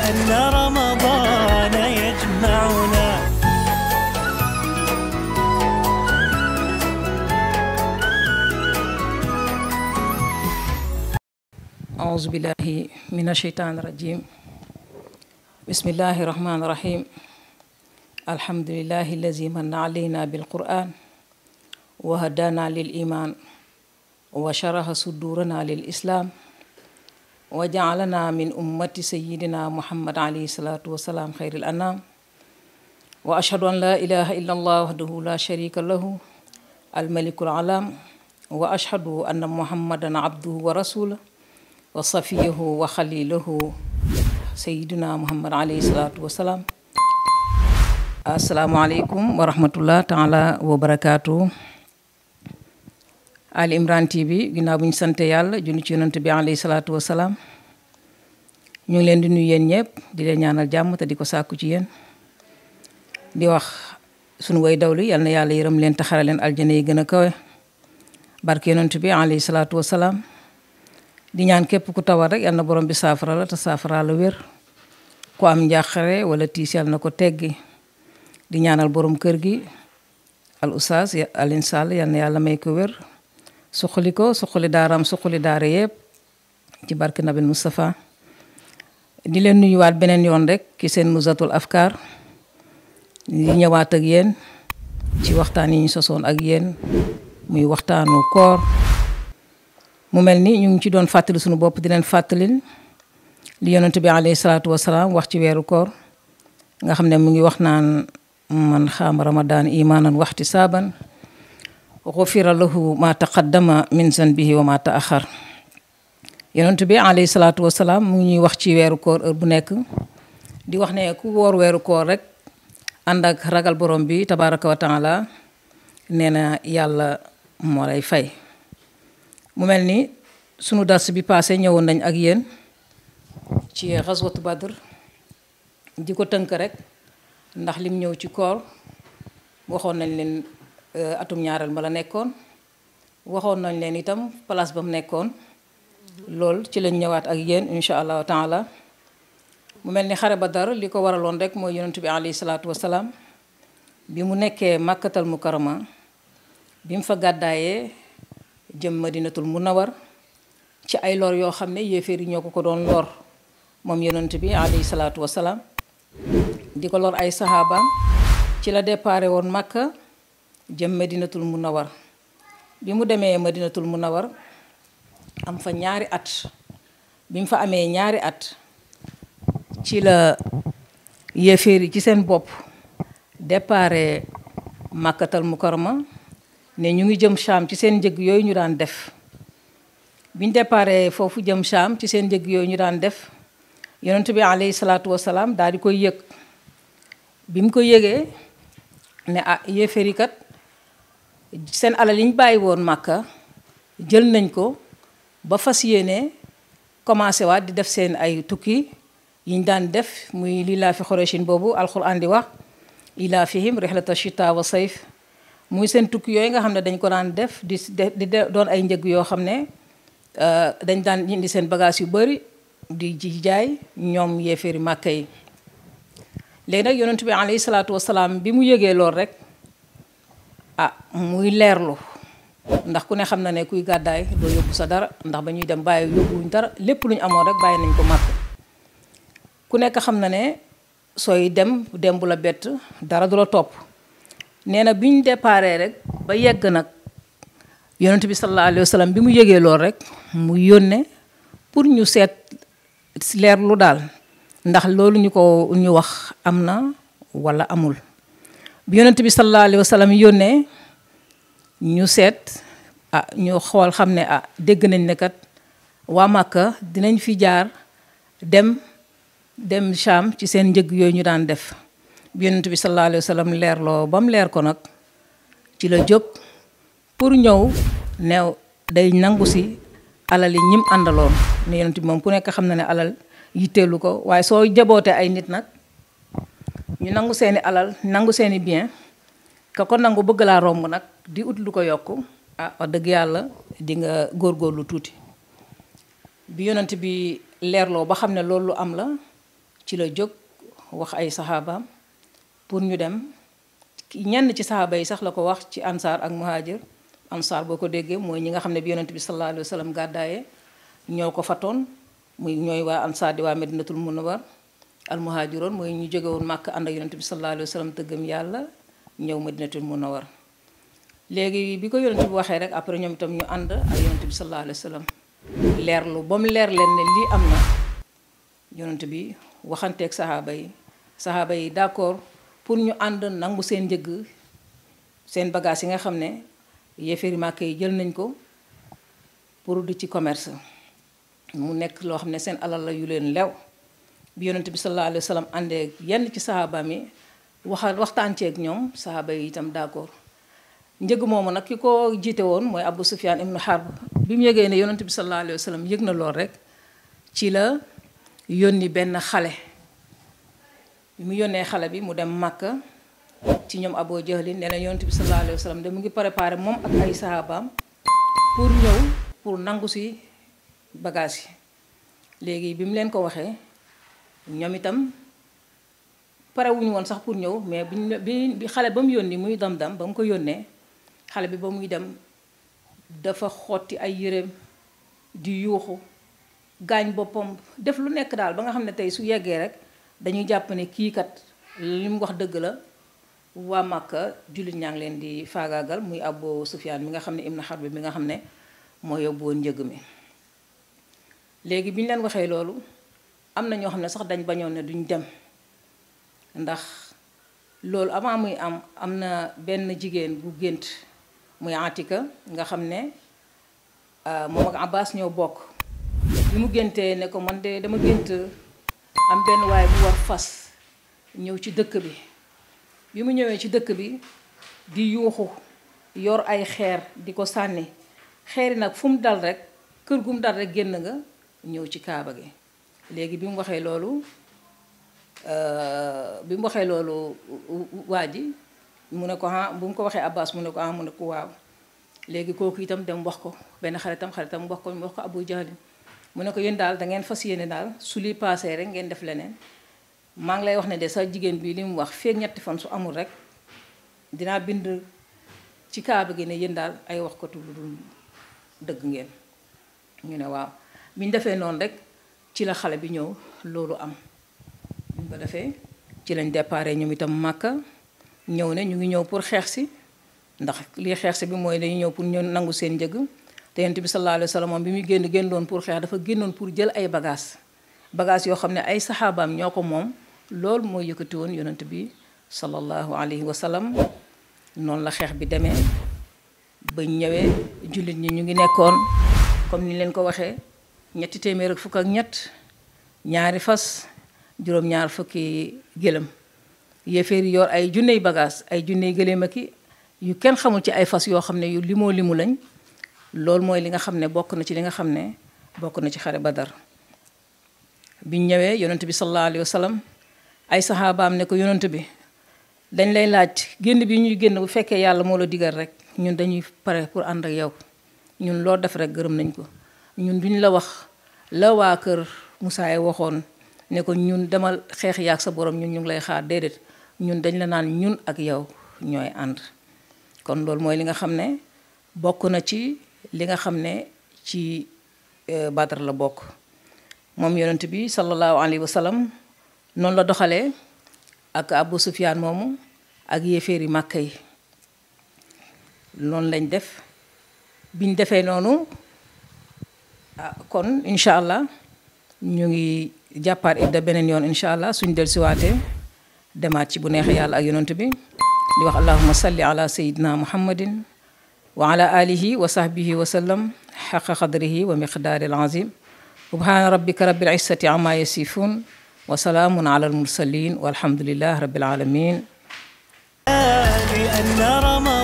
لأن رمضان يجمعنا أعوذ بالله من الشيطان الرجيم بسم الله الرحمن الرحيم الحمد لله الذي من علينا بالقرآن وهدانا للإيمان وشرح صدورنا للإسلام wa jaalana min ummati sayidina muhammad alayhi salaatu wasalaam xayril anaam wa ashhadu an laa ilaha illa allah wahdahu la sharika lahu almalikul alam wa ashhadu anna muhammadan abduhu wa rasula wa safiyahu wa xalilahu sayidina muhammad alayhi salaatu wasalaam asalaamualeykum wa rahmatullah taala wa barakaatu Ali Imran TV ginnaaw bu ñu sant yàlla junni ci yonent bi alayhi salaatu wa salaam ngi leen di nuyu yéen ñëpp di leen ñaanal jàmm te di ko sàkku ci yéen di wax sunu way dawlu yal na yàlla yaram leen ta taxara leen aljana yi gën a kawe barke yonent bi alayhi salaatu wa salaam di ñaan képp ku tawar rek yal na borom bi saafara la te saafara la wér ku am njàqare wala tiis yal na ko teggi di ñaanal borom kër gi al oustaz Alioune yal na yàlla may ko wér. suqali ko suqali daaraam suqali daara yëpp ci barke nabil Moustapha di leen nuyuwaat beneen yoon rek ki seen musatul afkar di ñëwaat ak yéen ci waxtaan yi ñu sosoon ak yéen muy waxtaanu koor mu mel ni ñu ngi ci doon fàttali suñu bopp di leen fàttalil li yonent bi alayhi salaatu wasalaam wax ci weeru koor nga xam ne mu ngi wax naan man xaama ramadan imaanan waxti saaban xufira lahu ma taqaddama min zanbihi wa ma taaxar yonent bi alayhi salaatu wasalaam mu ñuy wax ci weeru koor bu nekk di wax ne ku woor weeru koor rek ànd ak ragal borom bi tabaraka wa taala nee na yàlla moo lay fay mu mel ni sunu dars bi passé ñëwoon nañ ak yéen ci xaswatu badr di ko tënk rek ndax lim ñëw ci koor waxoon nañ leen Euh, atum ñaareel ma la nekkoon waxoon nañ leen itam place ba mu nekkoon loolu ci lañ ñëwaat ak yéen allah allahu taala mu mel ni xare dara li ko waraloon rek mooy yonentu bi alayhi salaatu wasalaam bi mu nekkee màkkatal mukarama bi mu fa gàddaayee jëm madinatul munawar ci ay lor yoo xam ne yéeféer yi ñoo ko ko doon moom yonent bi alayhi salaatu di ko lor ay saxaabaam ci la déparé woon màkka jëm madinatul munawar bi mu demee madinatul munawar am fa ñaari at bi mu fa amee ñaari at ci la yéeféer yi ci seen bopp dépare màkkatal mukarama ne ñu ngi jëm Saam ci seen njëg yooyu ñu daan def biñ dépare foofu jëm Saam ci seen njëg yooyu ñu daan def yonent bi alayhi salaatu wasalaam daal di koy yëg bi mu ko yëgee ne ah yéeféer kat seen alal yi ñu bàyyi woon màkka jël nañ ko ba fas yéene commencé waat di def seen ay tukki yi ñu daan def muy lii laa fi xoroshin boobu alxuraan di wax ilaa fihim rihlata chita wa sayf muy seen tukki yooyu nga xam ne dañ ko daan def di di doon ay njëg yoo xam ne euh, dañ daan indi seen bagage yu bëri di ji jaay ñoom yéeféeri màkka yi léegi nag yonentu bi alayhi salaatu wasalaam bi mu yëgee lool rek ah muy leerlu ndax ku ne xam na ne kuy gàddaay doo yóbbu sa dara ndax ba ñuy dem bàyyi yóbbuwuñ dara lépp lu ñu amoon rek bàyyi nañ nekk xam na ne sooy dem dem bu bett dara du topp nee na bi ñu déparé rek ba yegg nag yonent bi sallallahu alayhi wa bi mu yëgee lool rek mu yónnee pour ñu seet leerlu daal ndax loolu ñu ko ñu wax am na walla amul bi yonent bi sallallahu alayhi wa yónnee ñu seet ah ñu xool xam ne ah dégg nañ ne kat waa Màkka dinañ fi jaar dem dem sham ci seen njëg yooyu ñu daan def bi yonent bi sallallahu alayhi wa sallam leerloo ba mu leer ko nag ci la jóg pour ñëw neew day nangu si alal yi ñim àndaloon ne yonent bi moom ku nekk xam na ne alal yitteelu ko waaye soo jabootee ay nit nag ñu nangu seeni alal nangu seeni bien ka ko nangu bëgg laa romb nag di ut lu ko yokk ah dëgg yàlla di nga lu tuuti bi yonent bi leerloo ba xam ne loolu lu am la ci la jóg wax ay saxaabaam pour ñu dem ñenn ci saxaaba yi sax la ko wax ci ansaar ak muhajir ansaar boo ko déggee mooy ñi nga xam ne bi yonent bi sallallahu alayhi wa sallam gàddaaye ñoo ko fatoon muy ñooy waa ansaar di waa medinatul munawwar almuhaajiroon mooy ñu jóge woon màkk ànd ak yonent bi sallallahu alayhi wa sallam te gëm yàlla ñëw madinatul munawar léegi bi ko yonent bi waxee rek après ñoom itam ñu ànd ak yonent bi sallallahu alayhi wa sallam leerlu ba leen ne am na bi waxanteeg saxaaba yi saxaaba yi d'accord pour ñu ànd nangu seen njëgg seen bagage yi nga xam ne yéeféeri màkk yi jël nañ ko pour di ci commerce mu nekk loo xam ne seen alal la yu leen lew bi yonent bi sallallahu alayhi wa sallam àndee yenn ci sahaaba yi waxal waxtaan ceeg ñoom sahaaba yi itam d'accord njëg moom nag ki ko jiite woon mooy Abu Sufyaan ibnu Harb bi mu yëgee ne yonent bi sallallahu alayhi wa sallam yëg na lool rek ci la yónni benn xale mu yónnee xale bi mu dem Makka ci ñoom Abu Jahlin ne leen yonent bi sallallahu alayhi wa sallam de mu ngi préparé moom ak ay sahabaam pour ñëw pour nangu si bagaas yi léegi bi mu leen ko waxee ñoom itam parewuñu woon sax pour ñëw mais biñ bi xale ba mu yónni muy dam-dam ba mu ko yónnee xale bi ba muy dem dafa xotti ay yéreem di yuuxu gaañ boppam def lu nekk daal ba nga xam ne tey su yeggee rek dañuy jàpp ne kii li mu wax dëgg la waa Màkka jullit ñaa ngi leen di faagaagal muy Abu Sufyaan mi nga xam ne Ibn Harb bi nga xam ne moo yóbbu woon njëg mi léegi bi ñu leen waxee loolu am na ñoo xam ne sax dañ bañoo ne duñ dem ndax loolu avant muy am am na benn jigéen bu gént muy Atika nga xam ne euh, moom ak Abbas ñoo bokk bi mu géntee ne ko man de dama gént am benn waaye bu war fas ñëw ci dëkk bi bi mu ñëwee ci dëkk bi di yuuxu yor ay xeer di ko sànni xeeri nag fu mu dal rek kër gum mu dal rek génn nga ñëw ci kaaba gi léegi bi mu waxee loolu euh, bi mu waxee loolu waa ji mu ne ko ah bu mu ko waxee Abbas mu ne ko ah mu ne ko waaw léegi kooku itam dem wax ko benn xaritam xaritam wax ko wax ko Abu Jahlin mu ne ko yéen daal da ngeen fas yéene daal su li paasee rek ngeen def leneen maa ngi lay wax ne de sa jigéen bii li mu wax feeg ñetti fan su amul rek dinaa bind ci kaaba gi ne yéen daal ay wax ko lu dul dëgg ngeen ñu ne waaw bi defee noonu rek. ci la xale bi ñëw loolu am ñu ko defee ci lañ déparé ñoom itam màkka ñëw ne ñu ngi ñëw pour xeex si ndax lii xeex si bi mooy dañu ñëw pour ñu nangu seen njëg te yonent bi sallallahu alayhi wa sallam bi muy génn génn doon pour xeex dafa génnoon pour jël ay bagages bagages yoo xam ne ay saxaabaam ñoo ko moom loolu mooy yëkkati woon yonent bi sallallahu alayhi wa sallam noonu la xeex bi demee ba ñëwee jullit ñi ñu ngi nekkoon comme ni leen ko waxee ñetti téeméer ak fukk ak ñett ñaari fas juróom-ñaar fukki gëlëm yéeféer yi yor ay junney bagage ay junney gëléem ak yu kenn xamul ci ay fas yoo xam ne yu limoo limu lañ loolu mooy li nga xam ne bokk na ci li nga xam ne bokk na ci xare badar biñ ñëwee yonant bi sallallahu alayhi wa ay saxaabaam ne ko yonant bi dañ lay laaj génn bi ñuy génn bu fekkee yàlla moo la digal rek ñun dañuy pare pour ànd ak yow ñun loo def rek gërëm nañ ko ñun duñ la wax la waa kër Moussa ya waxoon ne ko ñun demal xeex yaag sa borom ñun ñu ngi lay xaar déedéet ñun dañ la naan ñun ak yow ñooy ànd kon loolu mooy li nga xam ne bokk na ci li nga xam ne ci e, batar la bokk moom yonent bi sallallahu alayhi wa sallam noonu la doxalee ak Abu Sufyaan moomu ak yéeféeri màkk yi noonu lañ def biñ defee noonu ah kon incha allah ñu ngi jàppaat idda beneen yoon incha allah suñ del siwaatee demaat ci bu neexee yàlla ak yonent bi di wax allahuma salli ala sayidina muhammadin wa ala alihi wa sahbihi wa sallam xaqa qadrihi wa miqdaari alazim subhaana rabbika rabbil izzati amma yasifun wa salaamun ala almursalin walhamdulilah rabbil alamin